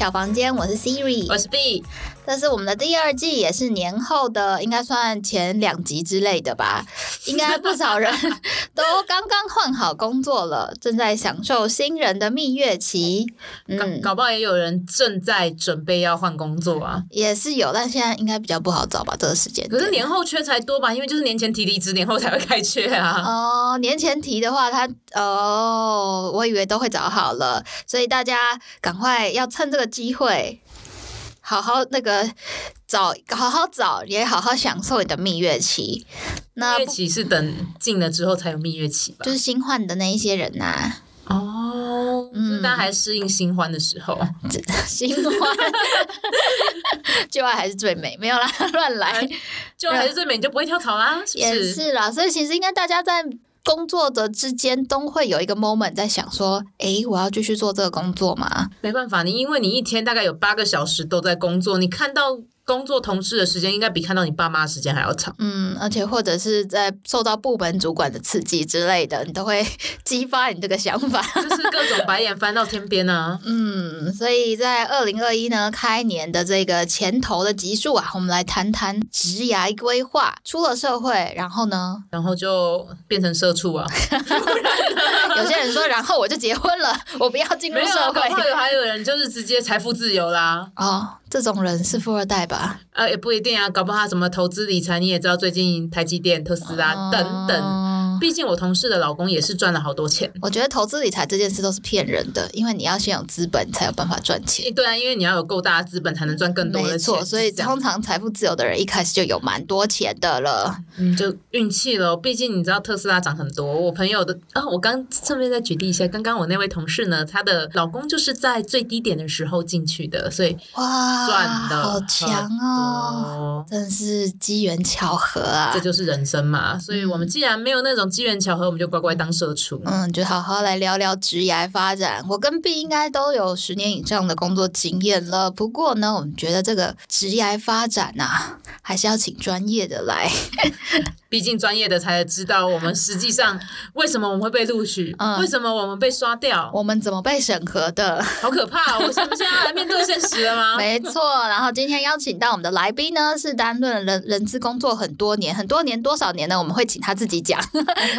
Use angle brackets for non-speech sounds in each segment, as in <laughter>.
小房間，我是 Siri，我是 B，但是我們的第二季，也是年後的，應該算前兩集之類的吧，應該不少人。 <laughs> 都剛剛換好工作了，正在享受新人的蜜月期。欸，搞，嗯，搞不好也有人正在準備要換工作啊。也是有，但現在應該比較不好找吧？這個時間。可是年後缺才多吧？因為就是年前提離職，年後才會開缺啊。哦，年前提的話他，他哦，我以為都會找好了，所以大家趕快要趁這個機會，好好那個。找好好找，也好好享受你的蜜月期。那蜜月期是等進了之後才有蜜月期吧？就是新換的那一些人吶、啊。哦，大、嗯、家還適應新歡的時候， <laughs> 新歡舊 <laughs> 愛 <laughs> <laughs> <laughs> <laughs> <laughs> <laughs> 還是最美。沒有啦，亂來，舊、啊、愛還是最美，你就不會跳槽啦？也是啦，所以其實應該大家在工作的之間都會有一個 moment 在想說，哎、欸，我要繼續做這個工作嗎？沒辦法，你因為你一天大概有八個小時都在工作，你看到。工作同事的時間應該比看到你爸媽時間還要長。嗯，而且或者是在受到部門主管的刺激之類的，你都會激發你這個想法，就是各種白眼翻到天邊啊。嗯，所以在二零二一呢開年的這個前頭的集數啊，我們來談談職涯規劃。出了社會，然後呢？然後就變成社畜啊。 <laughs> 有些人說，然後我就結婚了， <laughs> 我不要進入社會。沒有了，還有人就是直接財富自由啦。哦。這種人是富二代吧？呃、啊，也不一定啊，搞不好他什麼投資理財，你也知道最近台積電、特斯拉、哦、等等。畢竟我同事的老公也是賺了好多錢。我覺得投資理財這件事都是騙人的，因為你要先有資本才有辦法賺錢。對啊，因為你要有夠大的資本才能賺更多的錢。沒錯，所以通常財富自由的人一開始就有蠻多錢的了。嗯，就運氣嘍。畢竟你知道特斯拉漲很多，我朋友的啊，我剛順便再舉例一下，剛剛我那位同事呢，她的老公就是在最低點的時候進去的，所以哇，賺的好強哦，嗯，真是機緣巧合啊，這就是人生嘛。所以我們既然沒有那種。機緣巧合，我們就乖乖當社畜。嗯，就好好來聊聊職業發展。我跟 B 應該都有十年以上的工作經驗了，不過呢，我們覺得這個職業發展吶、啊，還是要請專業的來。 <laughs> 畢竟專業的才知道，我們實際上為什麼我們會被錄取、嗯？為什麼我們被刷掉？我們怎麼被審核的？好可怕、哦！我們現在要面對現實了嗎？ <laughs> 沒錯。然後今天邀請到我們的來賓呢，是擔任人人資工作很多年，很多年多少年呢？我們會請他自己講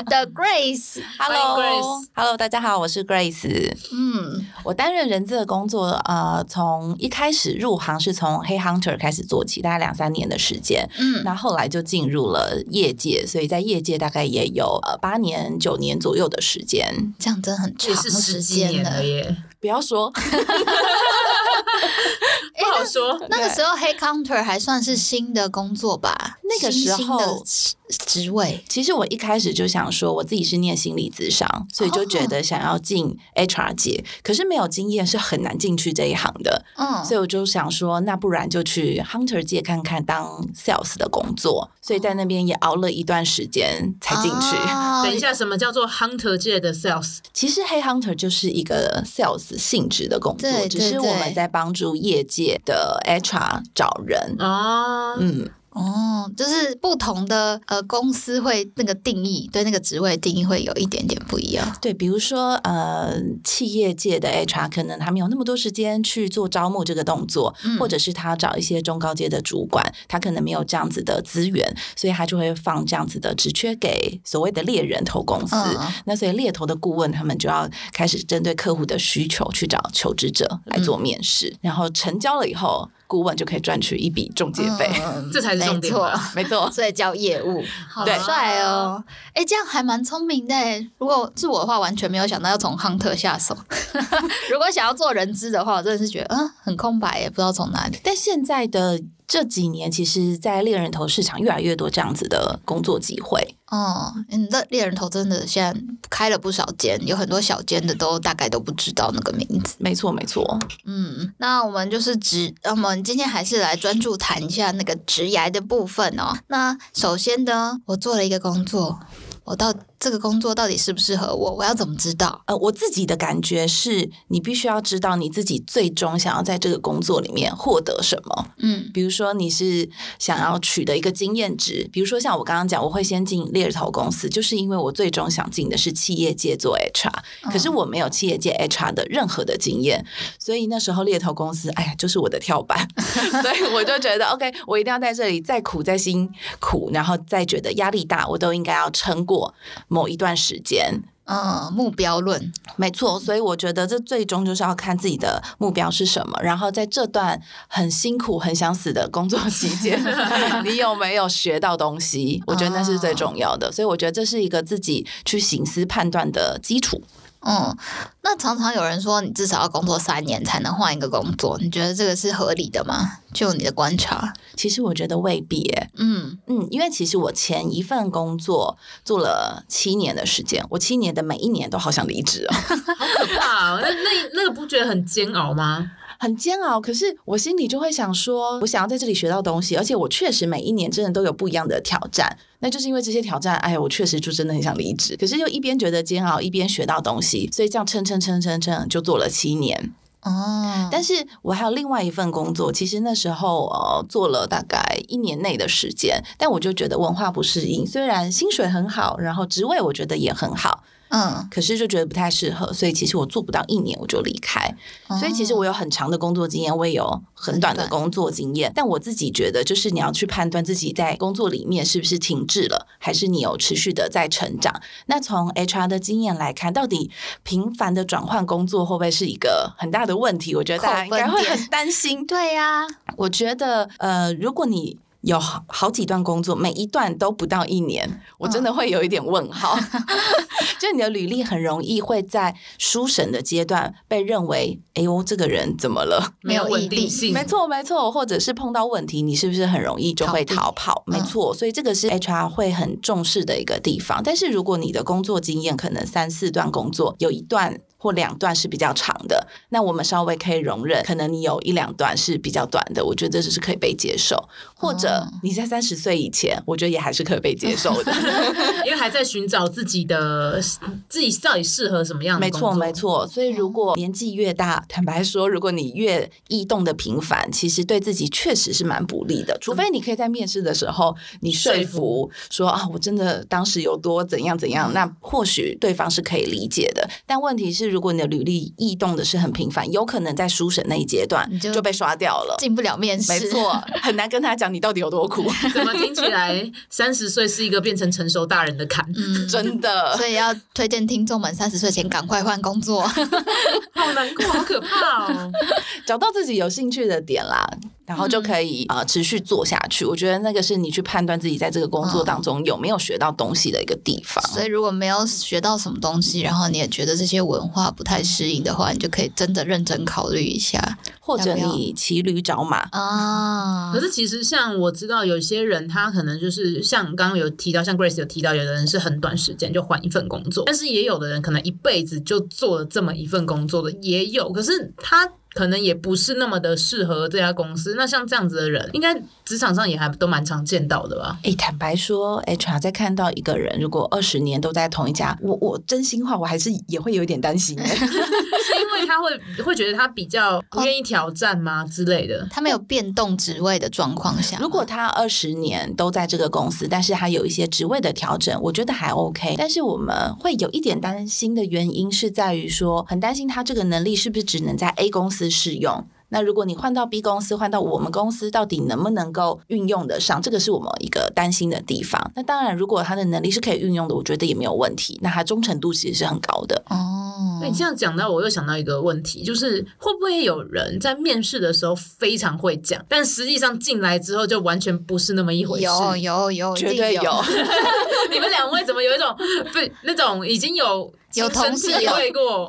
的 <laughs> Grace，Hello，Hello，大家好，我是 Grace。嗯，我擔任人資的工作，呃，從一開始入行是從黑 hunter 開始做起，大概兩三年的時間。嗯，那後來就進入了業界。所以，在業界大概也有呃八年、九年左右的時間，這樣子很長，也是十幾年了耶。不要說、 <laughs> <laughs> 欸，不好說。那、okay. 那個時候、hey，黑 counter 還算是新的工作吧？ <laughs> 那個時候。職位其實我一開始就想說，我自己是念心理諮商，所以就覺得想要進 HR 界，oh, 可是沒有經驗是很難進去這一行的。嗯、oh.，所以我就想說，那不然就去 Hunter 界看看當 sales 的工作。所以在那邊也熬了一段時間才進去。Oh. <laughs> 等一下，什麼叫做 Hunter 界的 sales？其實黑、hey、Hunter 就是一個 sales 性質的工作對對對，只是我們在幫助業界的 HR 找人啊。Oh. 嗯。哦，就是不同的呃公司會那個定義，對那個職位定義會有一點點不一樣。對，比如說呃，企業界的 HR 可能他沒有那麼多時間去做招募這個動作，嗯，或者是他找一些中高階的主管，他可能沒有這樣子的資源，所以他就會放這樣子的職缺給所謂的獵人頭公司。嗯、那所以獵頭的顧問他們就要開始針對客戶的需求去找求職者來做面試，嗯、然後成交了以後。顧問就可以賺取一筆中介費，嗯， <laughs> 這才是中介沒錯，沒錯。 <laughs> 所以叫業務，好帥、啊，哦！哎，這樣還蠻聰明的。如果是我的話，完全沒有想到要從亨特下手。 <laughs> 如果想要做人資的話，我真的是覺得嗯很空白，也不知道從哪裡。但現在的這幾年，其實，在獵人頭市場越來越多這樣子的工作機會。哦，你的獵人頭真的現在開了不少間，有很多小間的都大概都不知道那個名字。沒錯，沒錯。嗯，那我們就是職，我們今天還是來專注談一下那個職涯的部分哦。那首先呢，我做了一個工作，我到。這個工作到底適不適合我？我要怎麼知道？呃，我自己的感覺是，你必須要知道你自己最終想要在這個工作裡面獲得什麼。嗯，比如說你是想要取得一個經驗值，嗯，比如說像我剛剛講，我會先進獵頭公司，就是因為我最終想進的是企業界做 HR，嗯，可是我沒有企業界 HR 的任何的經驗，所以那時候獵頭公司，哎呀，就是我的跳板， <laughs> <laughs> 所以我就覺得 OK，我一定要在這裡再苦再辛苦，然後再覺得壓力大，我都應該要撐過。某一段時間，嗯，目標論沒錯，所以我覺得這最終就是要看自己的目標是什麼。然後在這段很辛苦、很想死的工作期間， <laughs> 你有沒有學到東西？我覺得那是最重要的。啊、所以我覺得這是一個自己去省思判斷的基礎。嗯、哦，那常常有人說，你至少要工作三年才能換一個工作，你覺得這個是合理的嗎？就你的觀察，其實我覺得未必、欸。嗯嗯，因為其實我前一份工作做了七年的時間，我七年的每一年都好想離職喔， <laughs> 好可怕、喔！那那那個不覺得很煎熬嗎？很煎熬，可是我心裡就會想說，我想要在這裡學到東西，而且我確實每一年真的都有不一樣的挑戰，那就是因為這些挑戰，哎呀，我確實就真的很想離職，可是又一邊覺得煎熬，一邊學到東西，所以這樣撐撐撐撐撐就做了七年。哦，但是我還有另外一份工作，其實那時候呃做了大概一年內的時間，但我就覺得文化不適應，雖然薪水很好，然後職位我覺得也很好。嗯，可是就覺得不太適合，所以其實我做不到一年我就離開、嗯。所以其實我有很長的工作經驗，我也有很短的工作經驗，但我自己覺得，就是你要去判斷自己在工作裡面是不是停滯了，還是你有持續的在成長。那從 HR 的經驗來看，到底頻繁的轉換工作會不會是一個很大的問題？我覺得大家應該會很擔心。對呀、啊，我覺得呃，如果你。有好幾段工作，每一段都不到一年，我真的會有一點問號。哦、 <laughs> 就你的履歷很容易會在初審的階段被認為，哎呦，這個人怎麼了？沒有穩定性，沒錯沒錯，或者是碰到問題，你是不是很容易就會逃跑？逃避。沒錯，所以這個是 HR 會很重視的一個地方、嗯。但是如果你的工作經驗可能三四段工作，有一段。或兩段是比較長的，那我們稍微可以容忍。可能你有一兩段是比較短的，我覺得這是可以被接受。或者你在三十歲以前、嗯，我覺得也還是可以被接受的， <laughs> 因為還在尋找自己的自己到底適合什麼樣的工作。沒錯，沒錯。所以如果年紀越大，嗯、坦白說，如果你越異動的頻繁，其實對自己確實是蠻不利的。除非你可以在面試的時候你說服、嗯、說啊，我真的當時有多怎樣怎樣、嗯，那或許對方是可以理解的。但問題是。如果你的履歷異動的是很頻繁，有可能在書審那一階段就被刷掉了，進不了面試。沒錯， <laughs> 很難跟他講你到底有多苦。怎麼聽起來三十歲是一個變成成熟大人的坎？嗯， <laughs> 真的，所以要推薦聽眾們三十歲前趕快換工作， <laughs> 好難過，好可怕哦！ <laughs> 找到自己有興趣的點啦。然後就可以啊、嗯呃、持續做下去，我覺得那個是你去判斷自己在這個工作當中有沒有學到東西的一個地方、嗯。所以如果沒有學到什麼東西，然後你也覺得這些文化不太適應的話，你就可以真的認真考慮一下，或者你騎驢找馬啊、嗯。可是其實像我知道有些人，他可能就是像剛剛有提到，像 Grace 有提到，有的人是很短時間就換一份工作，但是也有的人可能一輩子就做了這麼一份工作的也有。可是他。可能也不是那麼的適合這家公司。那像這樣子的人，應該職場上也還都蠻常見到的吧？哎，坦白說，HR 在看到一個人如果二十年都在同一家，我我真心話，我還是也會有一點擔心，是 <laughs> <laughs> 因為他會會覺得他比較不願意挑戰嗎、oh, 之類的？他沒有變動職位的狀況下，如果他二十年都在這個公司，但是他有一些職位的調整，我覺得還 OK。但是我們會有一點擔心的原因是在於說，很擔心他這個能力是不是只能在 A 公司。適用。那如果你換到 B 公司，換到我們公司，到底能不能夠運用得上？這個是我們一個擔心的地方。那當然，如果他的能力是可以運用的，我覺得也沒有問題。那他忠誠度其實是很高的。哦，那、欸、你這樣講到，我又想到一個問題，就是會不會有人在面試的時候非常會講，但實際上進來之後就完全不是那麼一回事？有有有，絕對有。對對 <laughs> <laughs> 你們兩位怎麼有一種被那種已經有？有同事有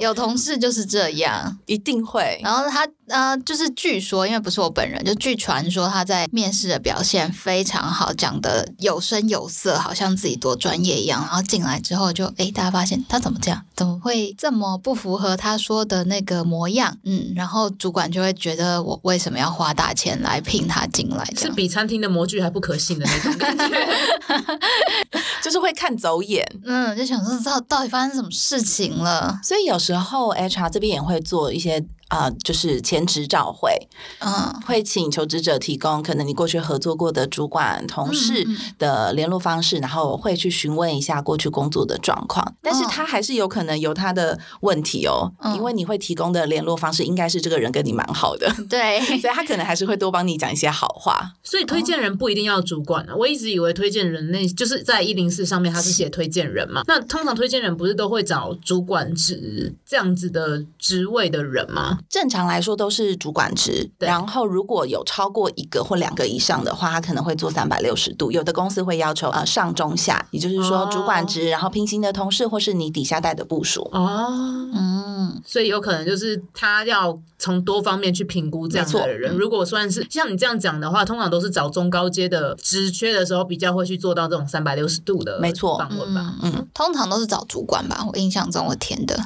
有同事就是這樣，一定會。然後他呃，就是據說，因為不是我本人，就據傳說他在面試的表現非常好，講得有聲有色，好像自己多專業一樣。然後進來之後就哎，大家發現他怎麼這樣？怎麼會這麼不符合他說的那個模樣？嗯，然後主管就會覺得我為什麼要花大錢來聘他進來？是比餐廳的模具還不可信的那種感覺， <laughs> 就是會看走眼。嗯，就想知道到底發生什麼事？事情了，所以有時候 HR 這邊也會做一些。啊、uh,，就是前職照會，嗯、uh,，會請求職者提供可能你過去合作過的主管、同事的聯絡方式、嗯，然後會去詢問一下過去工作的狀況。Uh, 但是他還是有可能有他的問題哦，uh, 因為你會提供的聯絡方式應該是這個人跟你蠻好的，對、uh,，所以他可能還是會多幫你講一些好話。所以推薦人不一定要主管、啊，我一直以為推薦人那就是在一零四上面他是寫推薦人嘛，那通常推薦人不是都會找主管職這樣子的職位的人嗎？正常來說都是主管職，然後如果有超過一個或兩個以上的話，他可能會做三百六十度。有的公司會要求呃上中下，也就是說主管職、哦、然後平行的同事或是你底下帶的部屬。哦，嗯，所以有可能就是他要從多方面去評估這樣的人。如果算是像你這樣講的話，通常都是找中高階的職缺的時候，比較會去做到這種三百六十度的文沒錯訪問吧。嗯，通常都是找主管吧。我印象中我填的。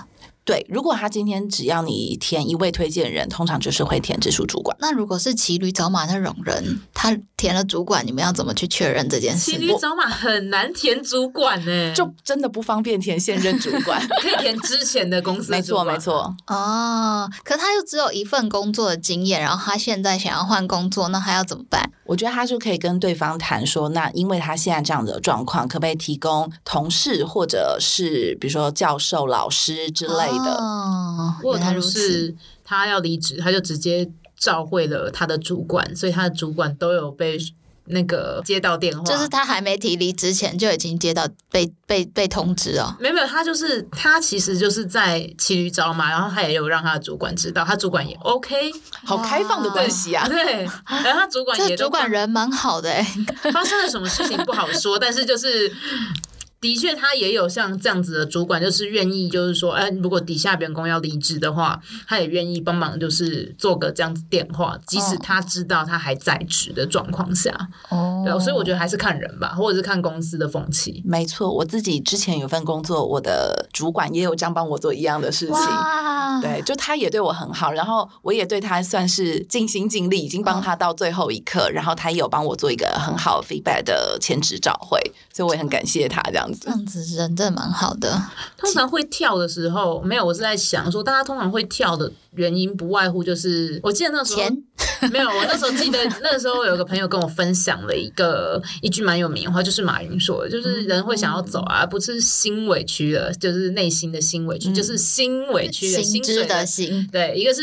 對，如果他今天只要你填一位推薦人，通常就是會填直屬主管。那如果是騎驢找馬那種人，他填了主管，你們要怎麼去確認這件事？騎驢找馬很難填主管呢，就真的不方便填現任主管， <laughs> 可以填之前的公司的主管。 <laughs> 沒錯，沒錯。哦，oh，可他又只有一份工作的經驗，然後他現在想要換工作，那還要怎麼辦？我覺得他就可以跟對方談說，那因為他現在這樣的狀況，可不可以提供同事或者是比如說教授、老師之類的？Oh. 哦、oh,，如果他是他要離職，他就直接照會了他的主管，所以他的主管都有被那個接到電話，就是他還沒提離職前就已經接到被被被通知哦。沒有，沒有，他就是他其實就是在騎驢找嘛，然後他也有讓他的主管知道，他主管也 OK，好開放的關係啊。對， <laughs> 然後他主管也 <laughs> 主管人蠻好的誒，發生了什麼事情不好說， <laughs> 但是就是。的確，他也有像這樣子的主管，就是願意，就是說，哎，如果底下員工要離職的話，他也願意幫忙，就是做個這樣子電話，即使他知道他還在職的狀況下。哦、oh.，對，所以我覺得還是看人吧，或者是看公司的風氣。沒錯，我自己之前有份工作，我的主管也有這樣幫我做一樣的事情。Wow. 對，就他也對我很好，然後我也對他算是盡心盡力，已經幫他到最後一刻，oh. 然後他也有幫我做一個很好 feedback 的前職照會，所以我也很感謝他這樣。這樣子人真的蠻好的。通常會跳的時候，沒有，我是在想說，大家通常會跳的原因不外乎就是，我記得那時候，沒有，我那時候記得 <laughs> 那時候有個朋友跟我分享了一個一句蠻有名的話，就是馬雲說的，就是人會想要走啊，不是心委屈的，就是內心的心委屈，嗯，就是心委屈的，心，的心，心水的心，對，一個是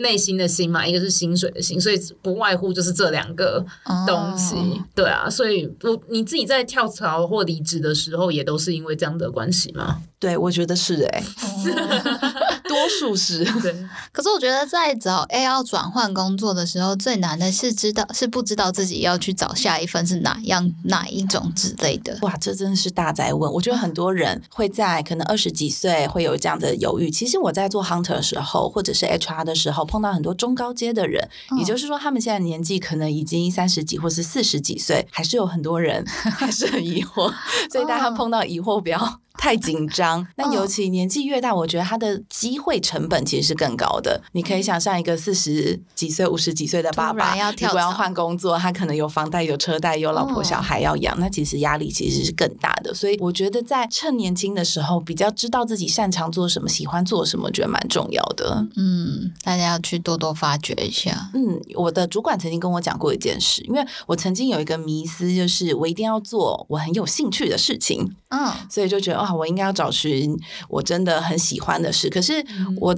內心的心嘛，一個是薪水的心，所以不外乎就是這兩個東西，哦，對啊，所以我，你自己在跳槽或離職的時候。後也都是因為這樣的關係嗎？對，我覺得是誒、欸 <laughs> <laughs> 多數是對，可是我覺得在找 AI 轉換工作的時候，最難的是知道是不知道自己要去找下一份是哪樣哪一種之類的。哇，這真的是大哉問！我覺得很多人會在可能二十幾歲會有這樣的猶豫、嗯。其實我在做 hunter 的時候，或者是 HR 的時候，碰到很多中高階的人，嗯、也就是說他們現在年紀可能已經三十幾，或是四十幾歲，還是有很多人還是很疑惑。嗯、 <laughs> 所以大家碰到疑惑，不要、嗯。太緊張，那 <laughs> 尤其年紀越大，我覺得他的機會成本其實是更高的。你可以想象一個四十幾歲、五十幾歲的爸爸，如果要換工作，他可能有房貸、有車貸、有老婆小孩要養，那其實壓力其實是更大的。所以我覺得在趁年輕的時候，比較知道自己擅長做什麼、喜歡做什麼，覺得蠻重要的。嗯，大家要去多多發掘一下。嗯，我的主管曾經跟我講過一件事，因為我曾經有一個迷思，就是我一定要做我很有興趣的事情。嗯， <noise> 所以就覺得啊、哦，我應該要找尋我真的很喜歡的事。可是我，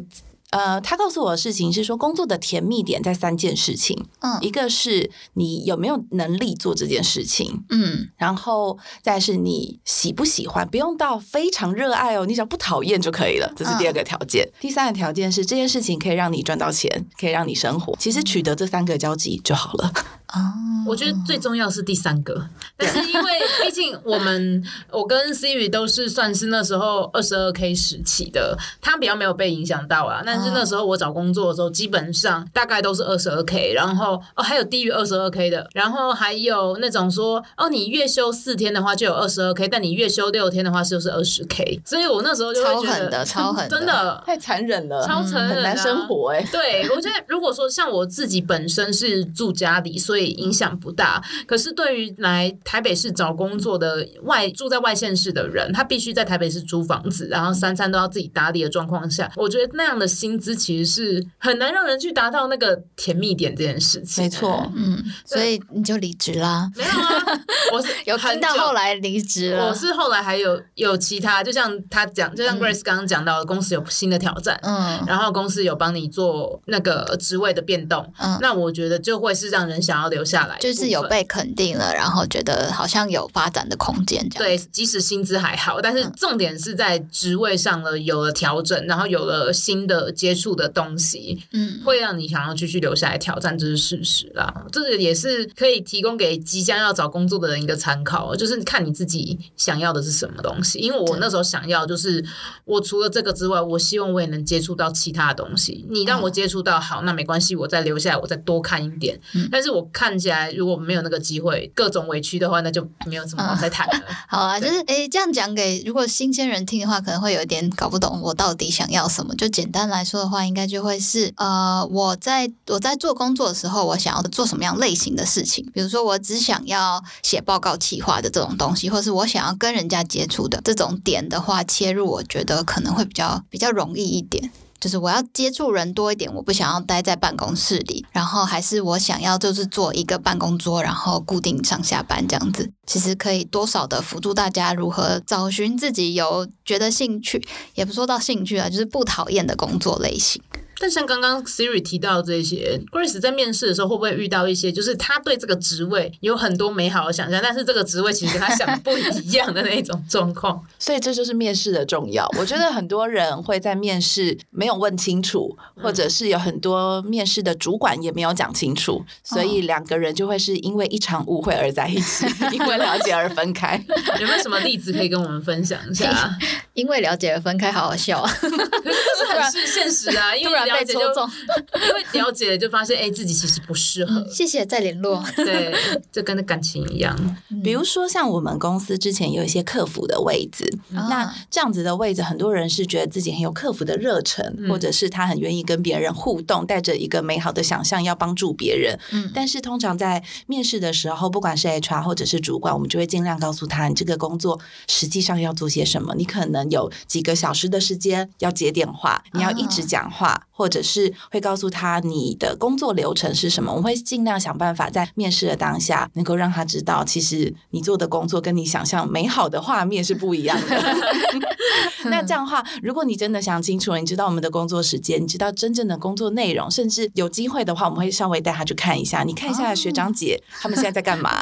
嗯、呃，他告訴我的事情是說，工作的甜蜜點在三件事情。嗯，一個是你有沒有能力做這件事情，嗯，然後再是你喜不喜歡，不用到非常熱愛哦，你只要不討厭就可以了，這是第二個條件、嗯。第三個條件是這件事情可以讓你賺到錢，可以讓你生活。其實取得這三個交集就好了。哦、oh，我覺得最重要是第三個，但是因為畢竟我們 <laughs> 我跟思雨都是算是那時候二十二 k 時期的，他比較沒有被影響到啊。但是那時候我找工作的時候，基本上大概都是二十二 k，然後哦還有低於二十二 k 的，然後還有那種說，哦，你月休四天的話就有二十二 k，但你月休六天的話就是二十 k。所以我那時候就覺得，超狠的，超狠的，真的太殘忍了，超殘忍，啊嗯，很難生活，欸。哎，對我覺得如果說像我自己本身是住家裡， <laughs> 所以。也影響不大，可是對於來台北市找工作的外住在外縣市的人，他必須在台北市租房子，然後三餐都要自己打理的狀況下、嗯，我覺得那樣的薪資其實是很難讓人去達到那個甜蜜點這件事情。沒錯，嗯，所以你就離職啦？沒有啊，我是 <laughs> 有聽到後來離職了。我是後來還有有其他，就像他講，就像 Grace 剛剛講到、嗯、公司有新的挑戰，嗯，然後公司有幫你做那個職位的變動，嗯，那我覺得就會是讓人想要。留下來就是有被肯定了，然後覺得好像有發展的空間這樣。對，即使薪資還好，但是重點是在職位上了、嗯、有了調整，然後有了新的接觸的東西，嗯，會讓你想要繼續留下來挑戰，這、就是事實啦。這個也是可以提供給即將要找工作的人一個參考，就是看你自己想要的是什麼東西。因為我那時候想要就是我除了這個之外，我希望我也能接觸到其他的東西。你讓我接觸到好、嗯，那沒關係，我再留下來，我再多看一點。嗯、但是我。看起來如果沒有那個機會，各種委屈的話，那就沒有什麼好再談了、嗯。好啊，就是誒、欸，這樣講給如果新鮮人聽的話，可能會有一點搞不懂我到底想要什麼？就簡單來說的話，應該就會是呃，我在我在做工作的時候，我想要做什麼樣類型的事情？比如說，我只想要寫報告、企劃的這種東西，或是我想要跟人家接觸的這種點的話，切入，我覺得可能會比較比較容易一點。就是我要接觸人多一點，我不想要待在辦公室裡。然後還是我想要就是坐一個辦公桌，然後固定上下班這樣子。其實可以多少的輔助大家如何找尋自己有覺得興趣，也不說到興趣啊，就是不討厭的工作類型。但像剛剛 Siri 提到的這些，Grace 在面試的時候會不會遇到一些，就是他對這個職位有很多美好的想象，但是這個職位其實跟他想不一樣的那種狀況？ <laughs> 所以這就是面試的重要。我覺得很多人會在面試沒有問清楚，或者是有很多面試的主管也沒有講清楚，嗯、所以兩個人就會是因為一場誤會而在一起，哦、 <laughs> 因為了解而分開。 <laughs> 有沒有什麼例子可以跟我們分享一下？因為了解而分開，好好笑啊！可這 <laughs> 是，是，是現實啊，因為。被抽中， <laughs> 因為了解了就發現哎、欸，自己其實不適合、嗯。謝謝，再聯絡。對，就跟那感情一樣。比如說像我們公司之前有一些客服的位置、嗯，那這樣子的位置，很多人是覺得自己很有客服的熱忱、嗯，或者是他很願意跟別人互動，帶着一個美好的想象要幫助別人。嗯，但是通常在面試的時候，不管是 HR 或者是主管，我們就會盡量告訴他，你這個工作實際上要做些什麼。你可能有幾個小時的時間要接電話，你要一直講話。嗯或者是會告訴他你的工作流程是什麼，我會盡量想辦法在面試的當下能夠讓他知道，其實你做的工作跟你想象美好的畫面是不一樣的。 <laughs> <laughs> 那這樣的話，如果你真的想清楚了，你知道我們的工作時間，你知道真正的工作內容，甚至有機會的話，我們會稍微帶他去看一下，你看一下學長姐 <laughs> 他們現在在幹嘛？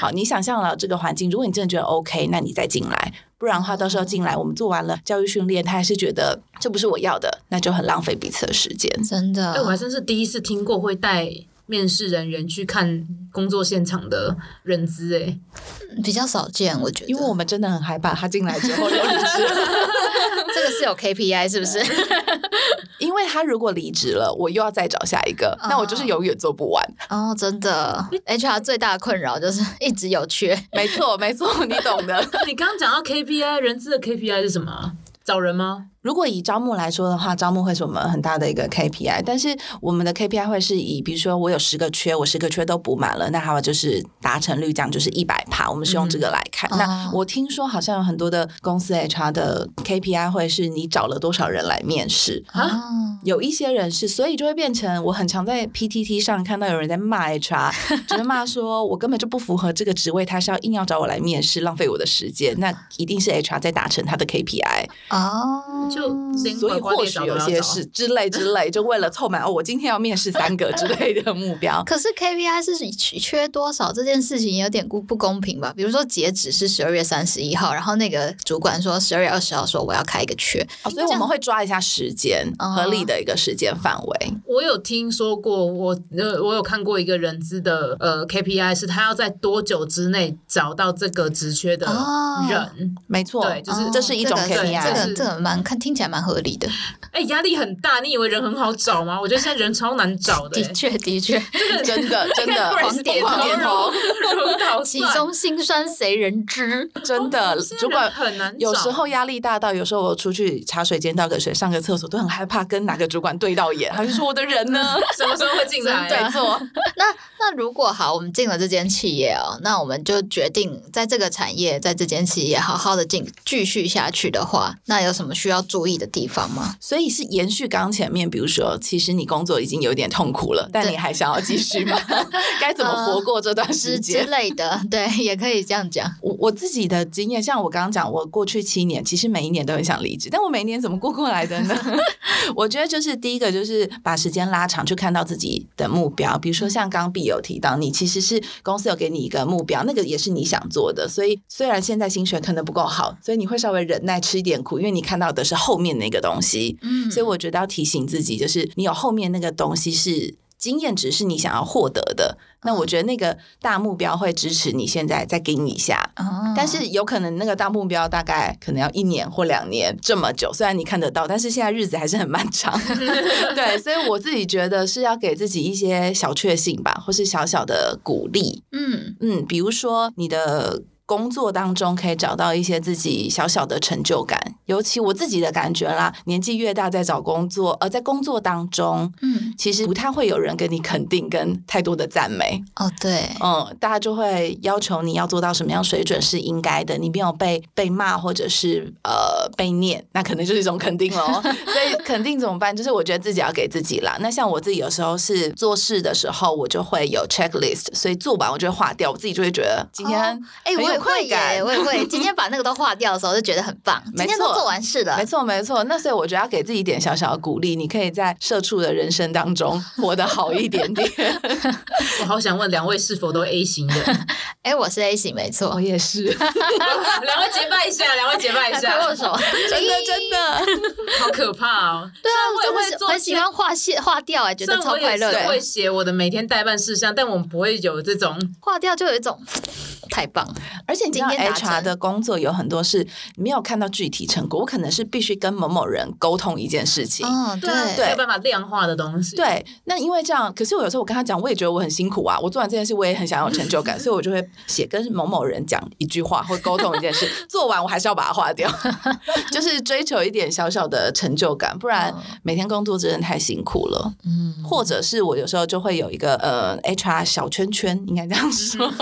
好，你想象了這個環境，如果你真的覺得 OK，那你再進來。不然的話，到時候進來，我們做完了教育訓練，他還是覺得這不是我要的，那就很浪費彼此的時間。真的，對，我還真是第一次聽過會帶。面試人員去看工作現場的人資、欸，哎、嗯，比較少見，我覺得，因為我們真的很害怕他進來之後又離職， <laughs> <laughs> 這個是有 KPI 是不是？ <laughs> 因為他如果離職了，我又要再找下一個，啊、那我就是永遠做不完。哦，真的，HR 最大的困擾就是一直有缺。 <laughs> 沒錯，沒錯，你懂的。 <laughs> 你剛剛講到 KPI，人資的 KPI 是什麼？找人嗎？如果以招募來說的話，招募會是我們很大的一個 KPI。但是我們的 KPI 會是以，比如說我有十個缺，我十個缺都補滿了，那還有就是達成率講就是一百趴，我們是用這個來看、嗯。那我聽說好像有很多的公司 HR 的 KPI 會是你找了多少人來面試、嗯、啊，有一些人是，所以就會變成我很常在 PTT 上看到有人在罵 HR，就 <laughs> 罵說我根本就不符合這個職位，他是要硬要找我來面試，浪費我的時間。那一定是 HR 在達成他的 KPI 哦。嗯就所以或許有些事之類之類， <laughs> 就為了湊滿哦，我今天要面試三個之類的目標。 <laughs> 可是 KPI 是缺多少，這件事情有點不不公平吧？比如說截止是十二月三十一號，然後那個主管說十二月二十號說我要開一個缺、哦，所以我們會抓一下時間、嗯，合理的一個時間範圍。我有聽說過，我呃我有看過一個人資的呃 KPI 是他要在多久之內找到這個職缺的人，哦、沒錯，對，就是、哦、這是一種 KPI，這個這個蠻看。聽起來蠻合理的。哎、欸，壓力很大。你以為人很好找嗎？我覺得現在人超難找的、欸。的確，的確，這個真的真的。真的 <laughs> 黃蝶黃天厚，其中辛酸誰人知？ <laughs> 真的主管、哦、很難找。有時候壓力大到，有時候我出去茶水間倒個水、上個廁所，都很害怕跟哪個主管對到眼。 <laughs> 還是說我的人呢？ <laughs> 什麼時候會進來、欸？沒錯。 <laughs> 那那如果好，我們進了這間企業哦，那我們就決定在這個產業，在這間企業好好的進繼續下去的話，那有什麼需要？注意的地方嗎？所以是延續剛前面，比如說，其實你工作已經有點痛苦了，但你還想要繼續嗎？ <laughs> 該怎麼活過這段時間、呃、之、之類的？對，也可以這樣講。我我自己的經驗，像我剛剛講，我過去七年，其實每一年都很想離職，但我每一年怎麼過過來的呢？ <laughs> <laughs> 我覺得就是第一個，就是把時間拉長，去看到自己的目標。比如說像剛剛 B 有提到，你其實是公司有給你一個目標，那個也是你想做的。所以雖然現在薪水可能不夠好，所以你會稍微忍耐吃一點苦，因為你看到的是後面那個東西。嗯，所以我覺得要提醒自己，就是你有後面那個東西是。經驗值是你想要獲得的，那我覺得那個大目標會支持你現在再給你一下，oh. 但是有可能那個大目標大概可能要一年或兩年這麼久，雖然你看得到，但是現在日子還是很漫長。 <laughs> <laughs> 對，所以我自己覺得是要給自己一些小確幸吧，或是小小的鼓勵。嗯嗯，比如說你的工作當中可以找到一些自己小小的成就感。尤其我自己的感覺啦，年紀越大，在找工作，而在工作當中，嗯，其實不太會有人給你肯定跟太多的讚美哦。對，嗯，大家就會要求你要做到什麼樣水準是應該的。你沒有被被罵或者是呃被念，那可能就是一種肯定嘍、哦。 <laughs> 所以肯定怎麼辦？就是我覺得自己要給自己啦。那像我自己有時候是做事的時候，我就會有 checklist，所以做完我就會劃掉，我自己就會覺得今天哎、哦欸，我也會耶，我也會。 <laughs> 今天把那個都劃掉的時候，就覺得很棒。沒錯。做完事的，沒錯沒錯。那所以我覺得要給自己一點小小的鼓勵，你可以在社畜的人生當中活得好一點點。 <laughs> 我好想問兩位是否都 A 型的？哎， <laughs> 我是 A 型，沒錯， <laughs> 我也是。兩 <laughs> <laughs> 位結拜一下，兩位結拜一下，握手。 <laughs> 真的真的， <laughs> 好可怕哦。對啊，我就會很喜歡畫線畫掉哎，覺得超快樂。對，會寫我的每天代辦事項，但我們不會有這種畫掉，就有一種。太棒了！而且今天 HR 的工作有很多是沒有看到具體成果，我可能是必須跟某某人溝通一件事情。嗯、哦，對對，沒有辦法量化的東西。對，那因為這樣，可是我有時候我跟他講，我也覺得我很辛苦啊。我做完這件事，我也很想要有成就感， <laughs> 所以我就會寫跟某某人講一句話，或溝通一件事，做完我還是要把它劃掉， <laughs> <laughs> 就是追求一點小小的成就感，不然每天工作真的太辛苦了。嗯，或者是我有時候就會有一個呃 HR 小圈圈，應該這樣說，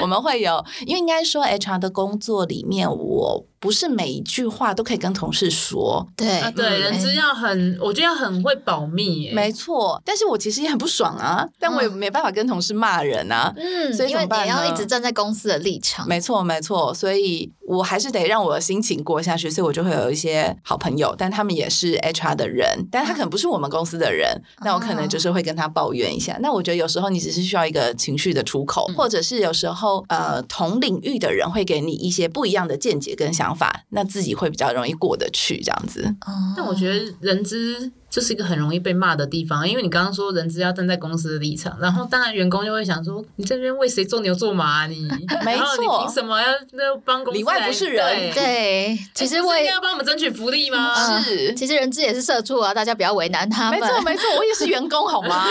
我們會有。 <laughs> 因為應該說，HR 的工作裡面，我不是每一句話都可以跟同事說。對，啊、對，嗯、人資要很，嗯，我覺得要很會保密、欸。沒錯，但是我其實也很不爽啊，但我也沒辦法跟同事罵人啊。嗯，所以你要一直站在公司的立場。沒錯，沒錯，所以。我還是得讓我的心情過下去，所以我就會有一些好朋友，但他們也是 HR 的人，但他可能不是我們公司的人，那我可能就是會跟他抱怨一下。哦、那我覺得有時候你只是需要一個情緒的出口、嗯，或者是有時候呃同領域的人會給你一些不一樣的見解跟想法，那自己會比較容易過得去這樣子。哦、但我覺得人資。就是一個很容易被罵的地方，因為你剛剛說人資要站在公司的立場，然後當然員工就會想說你在這邊為誰做牛做馬、啊、你？沒錯，你憑什麼要那幫裡外不是人？對，對其實為，今、欸、要幫我們爭取福利嗎？嗯、是，其實人資也是社畜啊，大家不要為難他們。沒錯，沒錯，我也是員工好嗎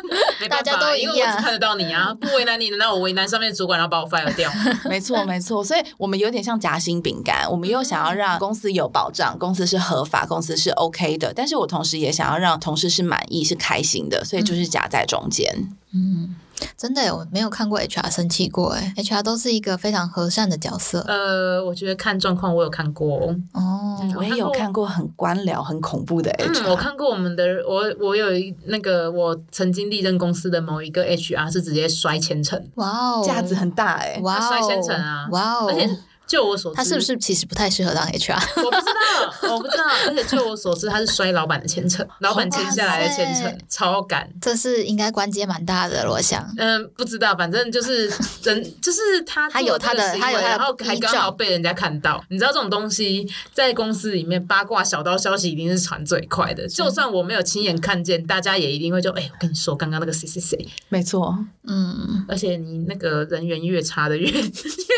<laughs> ？大家都一樣，因為我只看得到你啊，不為難你，難道我為難上面主管，然後把我 fire 掉。沒錯，沒錯，所以我們有點像夾心餅乾，我們又想要讓公司有保障，公司是合法，公司是 OK 的，但是我同時。也想要讓同事是滿意、是開心的，所以就是夾在中間。嗯，真的，我沒有看過 HR 生氣過，哎，HR 都是一個非常和善的角色。呃，我覺得看狀況，我有看過哦。我也有看過很官僚、很恐怖的 HR。我看過我們的，我我有一那個我曾經歷任公司的某一個 HR 是直接摔簽呈，哇哦，架子很大，哎，哇哦，摔簽呈啊，哇哦，而且就我所知，他是不是其實不太適合當 HR？ <laughs> 我不知道，我不知道。而且就我所知，他是摔老闆的前程， <laughs> 老闆簽下來的前程，超趕。這是應該關節蠻大的囉，我想。嗯，不知道，反正就是真， <laughs> 就是他他有他的，他有他的然後還剛好被人家看到。你知道這種東西在公司裡面八卦小道消息一定是傳最快的、嗯，就算我沒有親眼看見，大家也一定會就哎、欸，我跟你說剛剛那個誰誰誰。沒錯，嗯。而且你那個人緣越差的越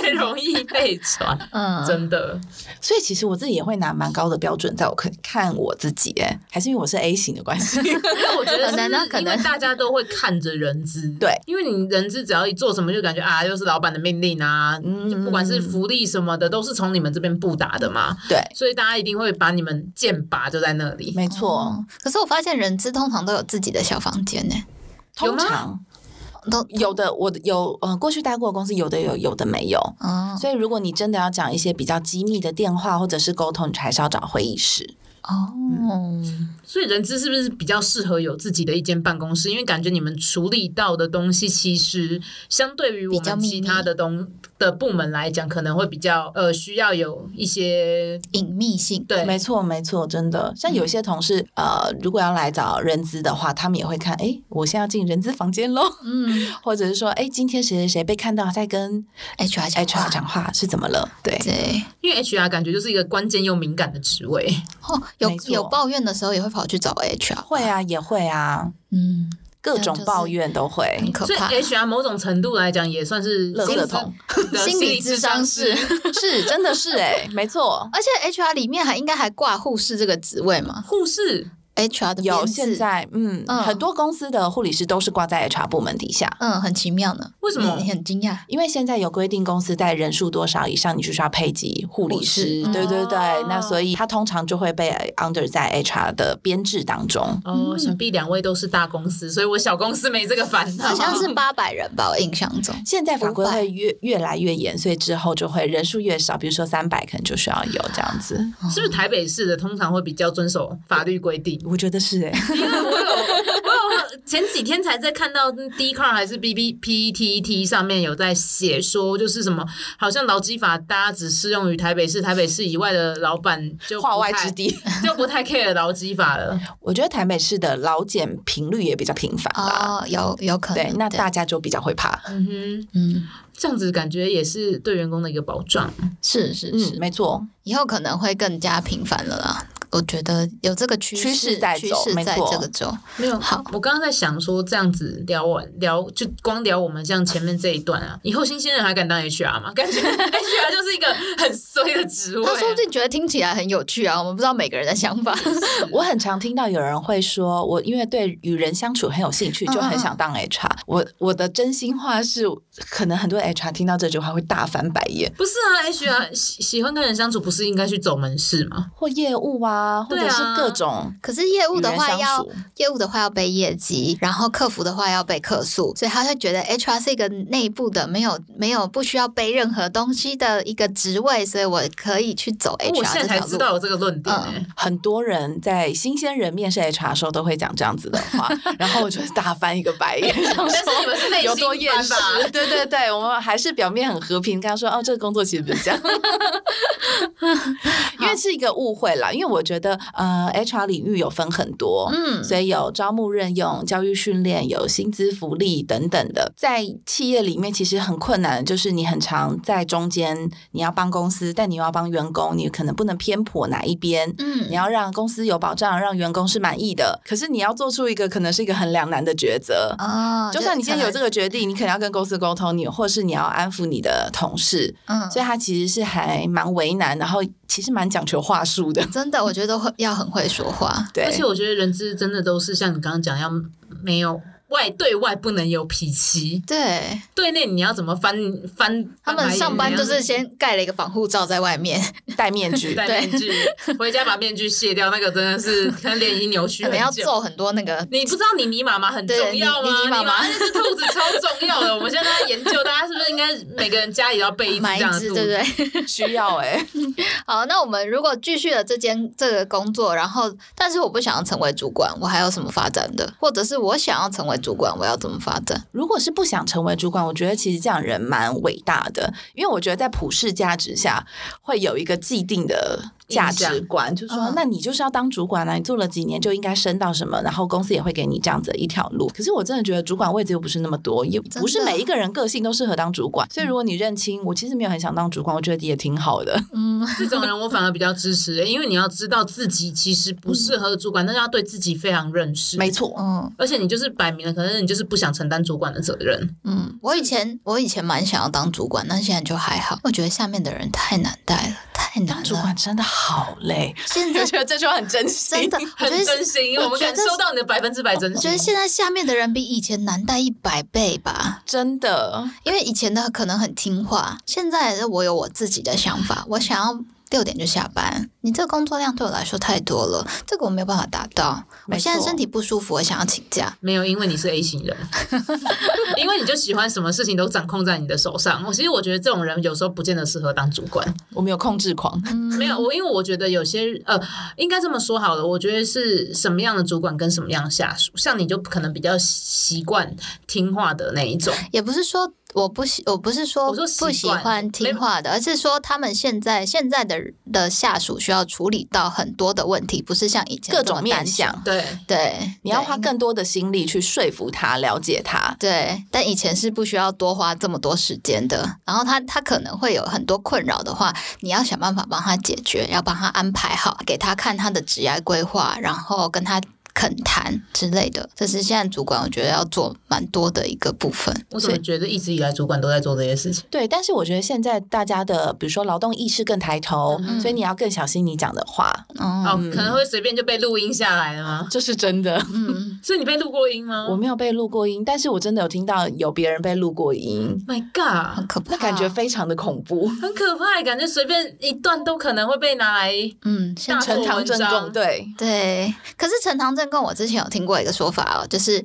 越容易被炒。嗯，真的。所以其實我自己也會拿蠻高的標準在我看看我自己，哎，還是因為我是 A 型的關係。 <laughs> 因為我覺得可能大家都會看着人資，對，因為你人資只要一做什麼，就感覺啊，又是老闆的命令啊，嗯，不管是福利什麼的，都是從你們這邊布達的嘛。對，所以大家一定會把你們劍拔就在那裡。沒錯。哦，可是我發現人資通常都有自己的小房間呢，通常。 <noise> 有的，我有呃，過去待過的公司有的有，有的沒有。嗯、oh.，所以如果你真的要講一些比較機密的電話或者是溝通，你還是要找會議室。哦、oh，嗯，所以人資是不是比較適合有自己的一間辦公室？因為感覺你們處理到的東西，其實相對於我們其他的東的部門來講，可能會比較呃需要有一些隱秘性。對，沒錯，沒錯，真的。像有些同事、嗯、呃，如果要來找人資的話，他們也會看，哎、欸，我現在要進人資房間嘍。嗯，或者是說，哎、欸，今天誰誰誰被看到在跟 H R、啊、H R 講話是怎麼了？啊、對，對，因為 H R 感覺就是一個關鍵又敏感的職位。嚯、哦。有有抱怨的時候也會跑去找 HR，會啊，也會啊，嗯，各種抱怨都會，很可怕、啊。所以 HR 某種程度來講也算是垃圾桶，心理諮商是 <laughs> 是真的是誒、欸、 <laughs> 沒錯。而且 HR 裡面還應該還掛護士這個職位嘛？護士。HR 的有現在嗯，嗯，很多公司的護理師都是掛在 HR 部門底下，嗯，很奇妙呢。為什麼？你很驚訝。因為現在有規定，公司在人數多少以上，你就需要配給護理師，對對對，哦，那所以他通常就會被 under 在 HR 的編製當中。哦，想必兩位都是大公司，所以我小公司沒這個煩惱，嗯。好像是八百人吧，我印象中。現在法規會越越來越嚴，所以之後就會人數越少，比如說三百可能就需要有這樣子，哦。是不是台北市的通常會比較遵守法律規定？我覺得是哎、欸， <laughs> 因為我有我有前幾天才在看到 D Car 還是 B B P T T 上面有在寫說，就是什麼好像勞基法，大家只適用於台北市，台北市以外的老闆就化外之地，就不太 care 勞基法了。 <laughs> 我覺得台北市的勞檢頻率也比較頻繁啊、哦，有有可能對對，那大家就比較會怕。嗯哼，嗯，這樣子感覺也是對員工的一個保障，是是是，是嗯、沒錯，以後可能會更加頻繁了啦。我覺得有這個趨勢，趨勢在，走，趨勢在這個走，沒錯。沒有好，我剛剛在想說這樣子聊完聊就光聊我們這樣前面這一段啊， <laughs> 以後新鮮人還敢當 HR 嗎？感覺 HR 就是一個很衰的職位、啊。 <laughs> 他說不定覺得聽起來很有趣啊，我們不知道每個人的想法。 <laughs> 我很常聽到有人會說，我因為對與人相處很有興趣，就很想當 HR。嗯啊、我我的真心話是，可能很多 HR 聽到這句話會大翻白眼。不是啊 <laughs> ，HR 喜喜歡跟人相處，不是應該去走門市嗎？或業務啊？啊，或者是各種、啊，可是業務的話要業務的話要背業績，然後客服的話要背客訴，所以他會覺得 HR 是一個內部的，沒有沒有不需要背任何東西的一個職位，所以我可以去走 HR。我現在才知道這個論點、嗯，很多人在新鮮人面試 HR 的時候都會講這樣子的話， <laughs> 然後我就大翻一個白眼。 <laughs> <laughs> 但是你們是內心，有多厭食？對對對，我們還是表面很和平，跟他說哦，這個工作其實不是這樣，因為是一個誤會啦，因為我。我覺得呃，HR 領域有分很多，嗯，所以有招募、任用、教育、訓練，有薪資、福利等等的。在企業裡面，其實很困難，就是你很常在中間，你要幫公司，但你又要幫員工，你可能不能偏頗哪一邊，嗯，你要讓公司有保障，讓員工是滿意的。可是你要做出一個，可能是一個很兩難的抉擇。啊、哦，就算你現在有這個決定，可你可能要跟公司溝通，你或是你要安撫你的同事，嗯，所以他其實是還蠻為難，然後其實蠻講求話術的。真的我覺得會要很會說話，對。而且我覺得人資，真的都是像你剛剛講，要沒有外對外不能有脾氣，對。對內你要怎麼翻翻？他們上班就是先蓋了一個防護罩在外面， <laughs> 戴面具，戴面具。回家把面具卸掉，那個真的是臉 <laughs> 已經扭曲很久。他們要做很多那個，你不知道你密碼嗎？很重要嗎？密碼，那隻兔子超重要的， <laughs> 我們現在在研究。每個人家裡要備一只，對不對？ <laughs> 需要哎，欸。 <laughs> 好，那我們如果繼續了這間這個工作，然後，但是我不想要成為主管，我還有什麼發展的？或者是我想要成為主管，我要怎麼發展？如果是不想成為主管，我覺得其實這樣人蠻偉大的，因為我覺得在普世價值下會有一個既定的。價值觀就是說、嗯，那你就是要當主管啊，你做了幾年就應該升到什麼，然後公司也會給你這樣子一條路。可是我真的覺得主管位置又不是那麼多，也不是每一個人個性都適合當主管。所以如果你認清、嗯，我其實沒有很想當主管，我覺得也挺好的。嗯，這種人我反而比較支持， <laughs> 因為你要知道自己其實不適合主管、嗯，但是要對自己非常認識。沒錯，嗯，而且你就是擺明了，可能就你就是不想承擔主管的責任。嗯，我以前我以前蠻想要當主管，那現在就還好，我覺得下面的人太難帶了。很難當主管真的好累，現在覺得這句話很真心，真的很真心。我，我們感受到你的百分之百真心。我覺得現在下面的人比以前難帶一百倍吧，真的。因為以前的可能很聽話，現在我有我自己的想法， <laughs> 我想要。六點就下班，你這個工作量對我來說太多了，這個我沒有辦法達到。我現在身體不舒服，我想要請假。沒有，因為你是 A 型人， <laughs> <laughs> 因為你就喜歡什麼事情都掌控在你的手上。我其實我覺得這種人有時候不見得適合當主管。我沒有控制狂， <laughs> 沒有我，因為我覺得有些呃，應該這麼說好了，我覺得是什麼樣的主管跟什麼樣的下屬，像你就可能比較習慣聽話的那一種，也不是說。我不喜我不是說不喜歡聽話的，而是說他們現在現在的的下屬需要處理到很多的問題，不是像以前向各種面向。對對，你要花更多的心力去說服他、了解他。對，但以前是不需要多花這麼多時間的。然後他他可能會有很多困擾的話，你要想辦法幫他解決，要幫他安排好，給他看他的職業規劃，然後跟他。懇談之類的，這是現在主管我覺得要做蠻多的一個部分。我怎麼覺得一直以來主管都在做這些事情？對，但是我覺得現在大家的，比如說勞動意識更抬頭，嗯嗯，所以你要更小心你講的話。哦、嗯，oh, 可能會隨便就被錄音下來了嗎？這、就是真的。所、嗯、以 <laughs> 你被錄過音嗎？我沒有被錄過音，但是我真的有聽到有別人被錄過音。My God，、嗯、很可怕。感覺非常的恐怖，很可怕，感覺隨便一段都可能會被拿來嗯，像呈堂證供對 <laughs> 對。可是呈堂證。跟我之前有聽過一個說法哦，就是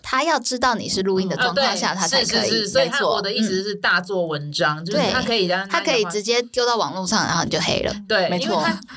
他要知道你是錄音的狀況下，他才可以做，呃。所以他我的意思是大做文章，嗯、就是他可以，他可以直接丟到網絡上、嗯，然後你就黑了。對，沒錯，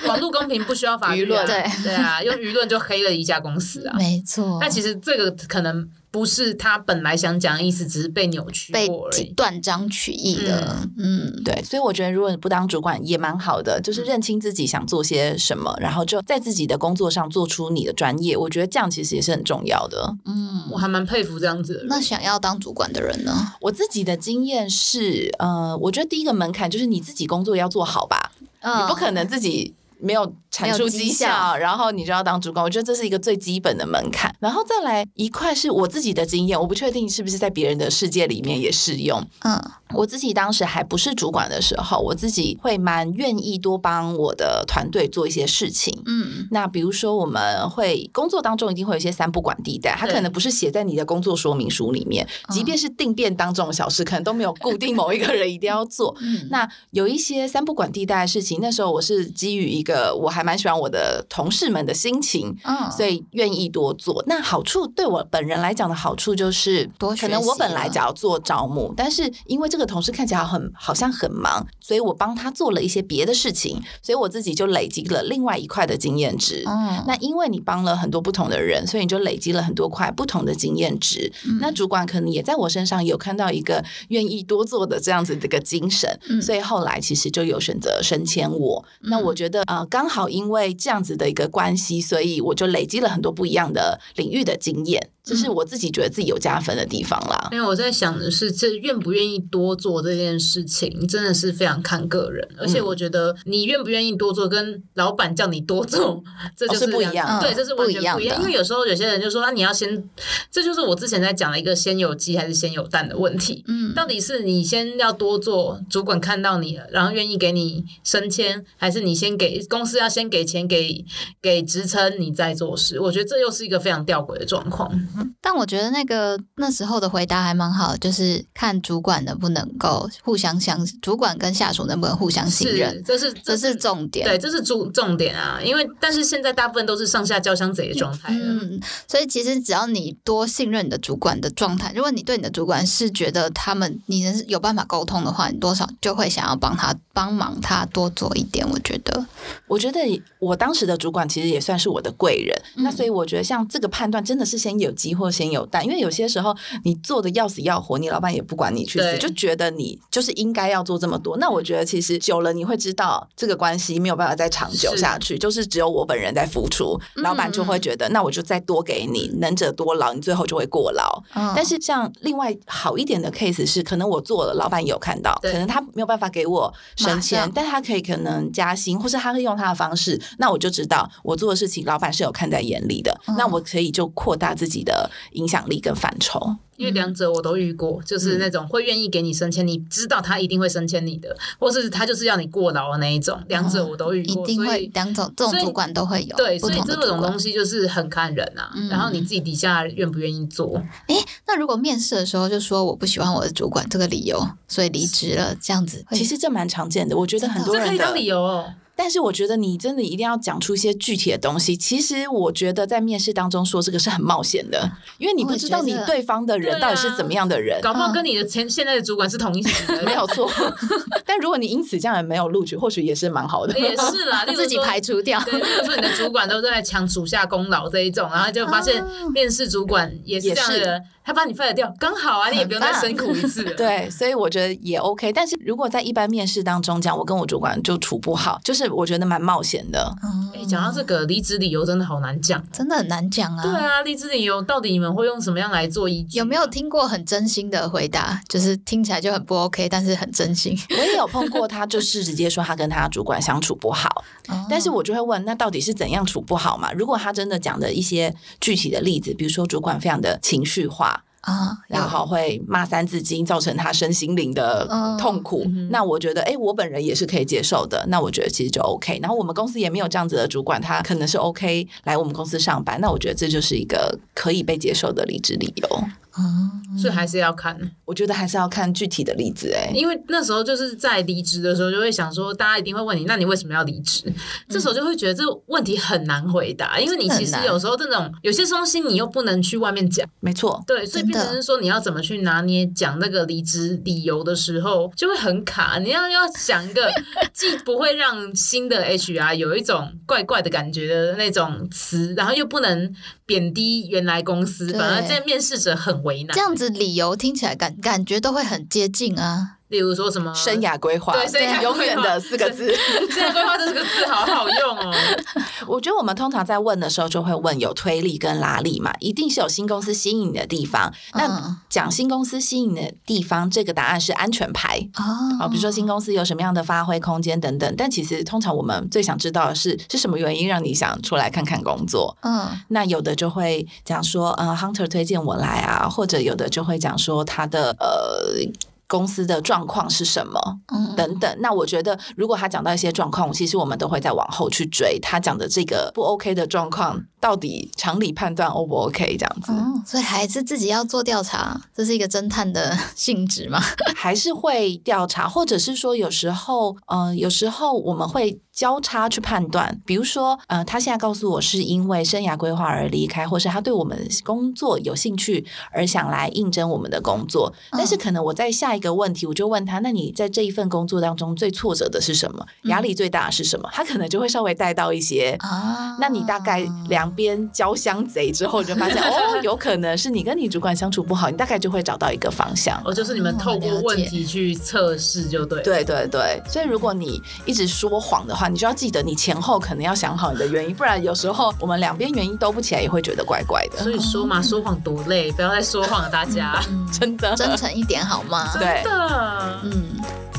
網絡公平 <laughs> 不需要法律、啊，對對啊，用輿論就黑了一家公司啊， <laughs> 沒錯。但其實這個可能。不是他本來想講的意思，只是被扭曲、被斷章取義的。嗯，嗯對。所以我覺得，如果你不當主管也蠻好的，就是認清自己想做些什麼、嗯，然後就在自己的工作上做出你的專業。我覺得這樣其實也是很重要的。嗯，我還蠻佩服這樣子的人。那想要當主管的人呢？我自己的經驗是，呃，我覺得第一個門檻就是你自己工作要做好吧。嗯，你不可能自己。沒有產出績效，然後你就要當主管。我覺得這是一個最基本的門檻。然後再來一塊是我自己的經驗，我不確定是不是在別人的世界裡面也適用。嗯，我自己當時還不是主管的時候，我自己會蠻願意多幫我的團隊做一些事情。嗯，那比如說我們會工作當中一定會有一些三不管地帶，它可能不是寫在你的工作說明書裡面，即便是訂便當這種小事，嗯，可能都沒有固定某一個人一定要做，嗯。那有一些三不管地帶的事情，那時候我是基於一個。呃，我還蠻喜歡我的同事們的心情，嗯、oh.，所以願意多做。那好處對我本人來講的好處就是，可能我本來想要做招募，但是因為這個同事看起來很好像很忙，所以我幫他做了一些別的事情，所以我自己就累積了另外一塊的經驗值。嗯、oh.，那因為你幫了很多不同的人，所以你就累積了很多塊不同的經驗值。Mm. 那主管可能也在我身上有看到一個願意多做的這樣子的一個精神，mm. 所以後來其實就有選擇升遷我。Mm. 那我覺得啊。Mm. 剛好因為這樣子的一個關係，所以我就累積了很多不一樣的領域的經驗。這是我自己覺得自己有加分的地方啦。因、嗯、為我在想的是，這願不願意多做這件事情，真的是非常看個人。而且我覺得，你願不願意多做，跟老闆叫你多做，這就是，這、哦、是不一樣、嗯。對，這是完全不一樣。一樣因為有時候有些人就說啊，你要先，這就是我之前在講的一個先有雞還是先有蛋的問題。嗯，到底是你先要多做，主管看到你了，然後願意給你升遷，還是你先給公司要先給錢給給職稱，你再做事？我覺得這又是一個非常弔詭的狀況。但我覺得那個那時候的回答還蠻好的，就是看主管能不能夠互相相信，主管跟下屬能不能互相信任，是這是這是重點，對，這是主重點啊。因為但是現在大部分都是上下交相賊的狀態的，嗯，所以其實只要你多信任你的主管的狀態，如果你對你的主管是覺得他們你能有辦法溝通的話，你多少就會想要幫他幫忙，他多做一點。我覺得，我覺得我當時的主管其實也算是我的貴人，嗯、那所以我覺得像這個判斷真的是先有雞或先有蛋，因為有些時候你做的要死要活，你老闆也不管你去死，就覺得你就是應該要做這麼多。那我覺得其實久了你會知道這個關係沒有辦法再長久下去，就是只有我本人在付出，嗯、老闆就會覺得那我就再多給你，能者多勞，你最後就會過勞，嗯。但是像另外好一點的 case 是，可能我做了，老闆也有看到，可能他沒有辦法給我升遷，但他可以可能加薪，或是他會用他的方式，那我就知道我做的事情老闆是有看在眼裡的，嗯、那我可以就擴大自己的。的影響力跟範疇，因為兩者我都遇過，就是那種會願意給你升遷，你知道他一定會升遷你的，或是他就是要你過勞的那一種，兩者我都遇過，哦，一定會，兩種這種主管都會有，對，所以這種東西就是很看人啊。然後你自己底下願不願意做。嗯。欸，那如果面試的時候就說我不喜歡我的主管這個理由，所以離職了這樣子，其實這蠻常見的，我覺得很多人當理由哦。但是我覺得你真的一定要講出一些具體的東西。其實我覺得在面試當中說這個是很冒險的，因為你不知道你對方的人到底是怎麼樣的人，啊，嗯、搞不好跟你的前現在的主管是同一型的，沒有錯。 <laughs> 但如果你因此這樣也沒有錄取，或許也是蠻好的，也是啦，自己排除掉。說你的主管都在搶屬下功勞這一種，然後就發現面試主管也是這樣的。他幫你廢了掉，剛好啊，你也不用再辛苦一次。 <laughs> 對，所以我覺得也 OK。但是如果在一般面試當中講，我跟我主管就處不好，就是我覺得蠻冒險的。哎、哦，欸、講到這個離職理由，真的好難講，真的很難講啊。對啊，離職理由到底你們會用什麼樣來做依據？有沒有聽過很真心的回答？ <laughs> 就是聽起來就很不 OK，但是很真心。 <laughs> 我也有碰過他，就是直接說他跟他主管相處不好。哦、但是我就會問，那到底是怎樣處不好嘛？如果他真的講的一些具體的例子，比如說主管非常的情緒化。啊，然後會罵《三字經》，造成他身心靈的痛苦。嗯、那我覺得，哎、欸，我本人也是可以接受的。那我覺得其實就 OK。然後我們公司也沒有這樣子的主管，他可能是 OK 來我們公司上班。那我覺得這就是一個可以被接受的離職理由。啊、嗯，所以還是要看，我覺得還是要看具體的例子。哎、欸，因為那時候就是在離職的時候，就會想說，大家一定會問你，那你為什麼要離職，嗯？這時候就會覺得這問題很難回答，因為你其實有時候這種有些東西你又不能去外面講，沒錯，對，所以變成是說你要怎麼去拿捏講那個離職理由的時候，就會很卡，你要要想一個 <laughs> 既不會讓新的 H R 有一種怪怪的感覺的那種詞，然後又不能貶低原來公司，反而在面試者很。這樣子理由聽起來感感覺都會很接近啊。比如說什麼生涯規劃，對，生涯規劃永遠的四個字。生涯規劃這四個字好好用哦。 <laughs> 我覺得我們通常在問的時候，就會問有推力跟拉力嘛，一定是有新公司吸引的地方。那講新公司吸引的地方，這個答案是安全牌啊，嗯，比如說新公司有什麼樣的發揮空間等等。但其實通常我們最想知道的是是什麼原因讓你想出來看看工作。嗯，那有的就會講說，嗯、呃、，hunter 推薦我來啊，或者有的就會講說他的呃。公司的狀況是什麼？嗯，等等。那我覺得，如果他講到一些狀況，其實我們都會再往後去追。他講的這個不 OK 的狀況，到底常理判斷 O 不 OK 這樣子。嗯，所以還是自己要做調查，這是一個偵探的性質嘛？ <laughs> 還是會調查，或者是說，有時候，嗯、呃，有時候我們會。交叉去判斷，比如說，呃，他現在告訴我是因為生涯規劃而離開，或是他對我們工作有興趣而想來應徵我們的工作。嗯、但是可能我在下一個問題，我就問他：“那你在這一份工作當中最挫折的是什麼？壓力最大是什麼、嗯？”他可能就會稍微帶到一些。啊、哦，那你大概兩邊交相賊之後，就發現 <laughs> 哦，有可能是你跟你主管相處不好，你大概就會找到一個方向。哦，就是你們透過問題去測試就對、嗯，對對對。所以如果你一直說謊的話。你就要記得，你前後可能要想好你的原因，不然有時候我們兩邊原因兜不起來，也會覺得怪怪的。所以說嘛，說謊多累，不要再說謊了，大家。 <laughs> 真的，真誠一點好嗎？真的，嗯。